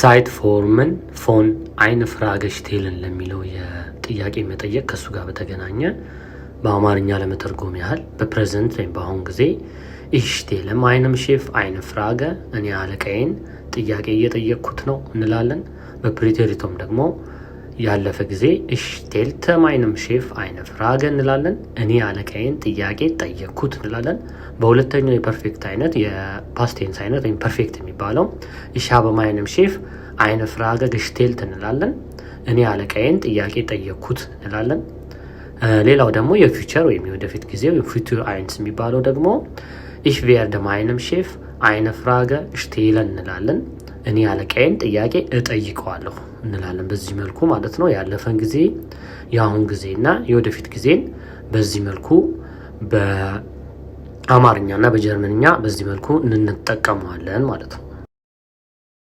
ሳይት ፎርመን ፎን አይን ፍራገሽቴልን ለሚለው የጥያቄ መጠየቅ ከእሱ ጋር በተገናኘ በአማርኛ ለመተርጎም ያህል በፕሬዘንት ወይም በአሁን ጊዜ ኢሽቴለም አይንም ሼፍ አይን ፍራገ እኔ አለቃዬን ጥያቄ እየጠየቅኩት ነው እንላለን። በፕሪቴሪቶም ደግሞ ያለፈ ጊዜ እሽ ቴልተ ማይንም ሼፍ አይነ ፍራገ እንላለን። እኔ አለቃዬን ጥያቄ ጠየኩት እንላለን። በሁለተኛው የፐርፌክት አይነት የፓስቴንስ አይነት ወይም ፐርፌክት የሚባለው እሻ በማይንም ሼፍ አይነ ፍራገ ግሽ እንላለን። እኔ አለቃዬን ጥያቄ ጠየቅኩት እንላለን። ሌላው ደግሞ የፊውቸር ወይም የወደፊት ጊዜ ወይም አይንስ የሚባለው ደግሞ ኢሽ ቬር ደማይንም ሼፍ አይነ ፍራገ ሽቴለን እንላለን። እኔ አለቃዬን ጥያቄ እጠይቀዋለሁ እንላለን። በዚህ መልኩ ማለት ነው ያለፈን ጊዜ፣ የአሁን እና የወደፊት ጊዜን በዚህ መልኩ እና በጀርመንኛ በዚህ መልኩ እንጠቀመዋለን ማለት ነው።